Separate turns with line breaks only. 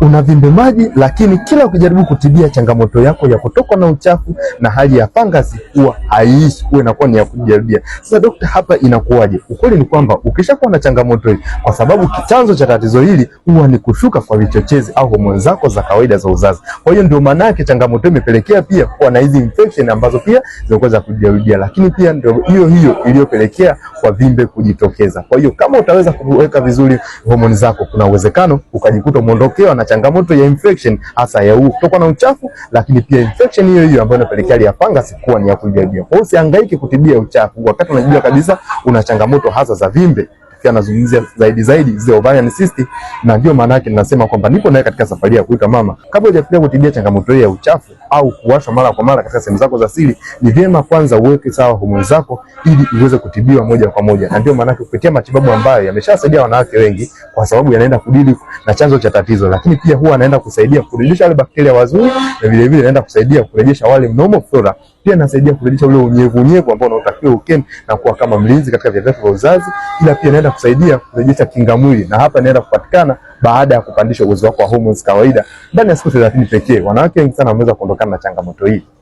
una vimbe maji, lakini kila ukijaribu kutibia changamoto yako ya kutokwa na uchafu na hali ya fangasi huwa haiishi, huwa inakuwa ni ya kujaribia. Sasa dokta, hapa inakuwaje? Ukweli ni kwamba ukishakuwa na changamoto hii, kwa sababu chanzo cha tatizo hili huwa ni kushuka kwa vichochezi au homoni zako za kawaida za uzazi. Kwa hiyo ndio maana yake changamoto imepelekea pia kuwa na hizi infection ambazo pia zinakuwa za kujaribia, lakini pia ndio hiyo hiyo iliyopelekea kwa vimbe kujitokeza. Kwa hiyo kama utaweza kuweka vizuri homoni zako, kuna uwezekano ukajikuta umeondokewa na changamoto ya infection hasa ya huu kutoka na uchafu, lakini pia infection hiyo hiyo ambayo inapelekea ya fungus kuwa ni ya kujibia. Kwa hiyo usihangaike kutibia uchafu wakati unajua kabisa una changamoto hasa za vimbe pia nazungumzia zaidi zaidi zile ovarian cyst, na ndio maana yake ninasema kwamba nipo naye katika safari ya kuita mama. Kabla hujafikia kutibia changamoto ya uchafu au kuwashwa mara kwa mara katika sehemu zako za siri, ni vyema kwanza uweke sawa homoni zako ili iweze kutibiwa moja kwa moja, na ndio maana yake kupitia matibabu ambayo yameshasaidia wanawake wengi, kwa sababu yanaenda kudili na chanzo cha tatizo, lakini pia huwa anaenda kusaidia kurudisha wale bakteria wazuri, na vilevile anaenda kusaidia kurejesha wale normal flora pia inasaidia kurejesha ule unyevu unyevu ambao unaotakiwa ukeni na kuwa kama mlinzi katika viagato vya uzazi, ila pia inaenda kusaidia kurejesha kinga mwili, na hapa inaenda kupatikana baada ya kupandisha uwezo wako wa hormones kawaida ndani ya siku 30 pekee. Wanawake wengi sana wameweza kuondokana na changamoto hii.